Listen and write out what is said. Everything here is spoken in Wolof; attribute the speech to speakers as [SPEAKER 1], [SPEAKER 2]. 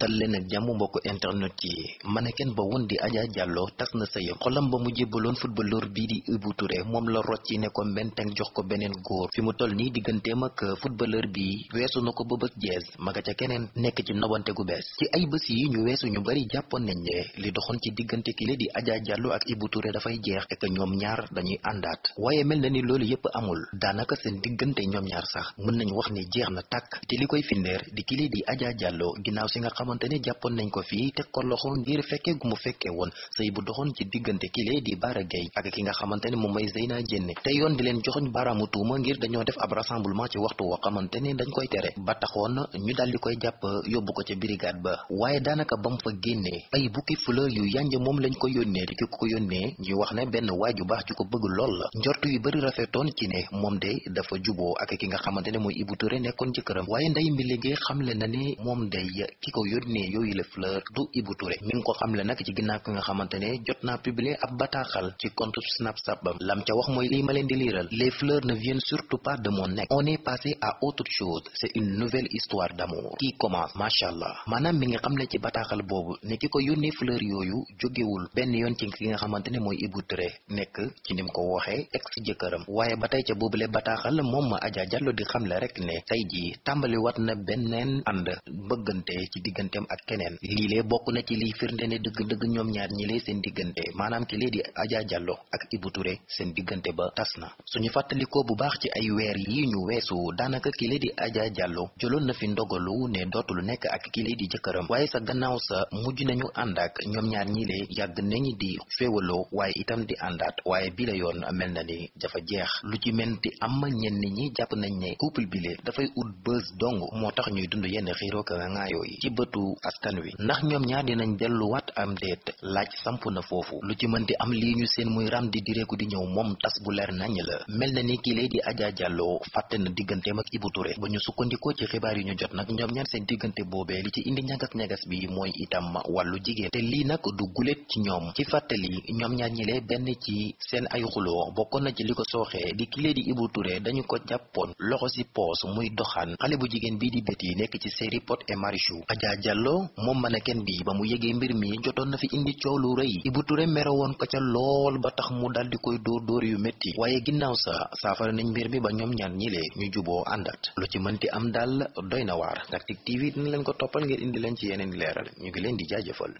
[SPEAKER 1] dal leen ak jàmm mbokk internet ci mannequin ba woon di Adja Diallo tas na sëyam xolam ba mu jébbaloon footballeur bii di Ibou Touré moom la rocci ne ko mbenteng jox ko beneen góor fi mu toll nii digganteem ak footballeur bi weesu na ko ba bës jees maga ca keneen nekk ci nobante gu bees ci ay bés yi ñu weesu ñu bari jàppoon nañ ne li doxoon ci diggante kile di Adja Diallo ak Ibou Touré dafay jeex et que ñoom ñaar dañuy àndaat waaye mel na ni loolu yépp amul daanaka seen diggante ñoom ñaar sax mën nañu wax ni jeex na tàkk te li koy findeer di xamante ne jàppoon nañ ko fii teg ko loxo ngir fekke gu mu fekke woon sëy bu doxoon ci diggante kile di Bara Gaye ak ki nga xamante ne moom mooy Zeyna Diéne te yoon di leen joxoñ baaraamu tuuma ngir dañoo def ab rassemblement ci waxtu woo xamante ne dañ koy tere ba taxoon ñu di koy jàpp yóbbu ko ca brigade ba waaye daanaka ba mu fa génnee ay bukki fleur yu yànj moom lañ ko yónnee te ki ko yónnee ñuy wax ne benn waay ju baax ci ko bëgg lool la njort yu bari rafetoon ci ne moom de dafa juboo ak ki nga xamante ne mooy Ibou nekkoon ci këram waaye nday mi liggéey xamle na ne moom day ki ko yónnee yooyu la fleur du Ibou Touré mi ngi ko xamle nag ci ginnaaw ki nga xamante ne jot naa publier ab bataaxal ci compte Snapchat bam lam ca wax mooy lii ma leen di liiral les fleurs ne viennent surtout pas de mon nec on est passé à autre chose c'est une nouvelle histoire d'amour qui commence machallah maanaam mi nga xam ne ci bataaxal boobu ne ki ko yónnee fleur yooyu jógewul benn yoon ci ki nga xamante mooy Ibou nekk ci nim ko waxee ex jëkkëram waaye ba tey ca ma Adja Diallo di xamle rek ne tey na benneen ànd bëggante ci diggante digganteem ak keneen lii lee bokk na ci liy firnde ne dëgg-dëgg ñoom ñaar ñi lee seen diggante maanaam ki lee di Adja Diallo ak Ibou Touré seen diggante ba tas na suñu fàttalikoo bu baax ci ay weer yi ñu weesu daanaka ki lee di Adja Diallo jëloon na fi ndogalu ne dootul nekk ak ki lee di jëkkëram waaye sa gannaaw sa mujj nañu ànd ak ñoom ñaar ñi lee yàgg nañu di féewaloo waaye itam di àndaat waaye bi la yoon mel na ni dafa jeex lu ci menti am ñenn ñi jàpp nañ ne couple dafay ut bës moo tax ñuy dund yenn xalaatu askan wi ndax ñoom ñaar dinañ delluwaat am déet laaj samp na foofu lu ci mën di am lii ñu seen muy ram di direeku di ñëw moom tas bu leer nañ la mel na ni kii lay di Adja Diallo fàtte na digganteem ak Ibou Touré ba ñu sukkandikoo ci xibaar yi ñu jot nag ñoom ñaar seen diggante boobee li ci indi ñagas ñagas bi mooy itam wàllu jigéen te lii nag du guléet ci ñoom ci fàttali ñoom ñaar ñile benn ci seen ay xuloo bokkoon na ci li ko sooxee di kii lay di Ibou Touré dañu ko jàppoon loxo si poos muy Diallo moom kenn bi ba mu yegee mbir mi jotoon na fi indi coow lu rëy bu Touré mere woon ko ca lool ba tax mu dal di koy dóor dóor yu métti waaye ginnaaw sa saafara nañ mbir mi ba ñoom ñaan ñile ñu juboo àndat lu ci mënti am daal doy na waar Tactic TV dina leen ko toppal ngir indi leen ci yeneen leeral ñu ngi leen di jaajëfal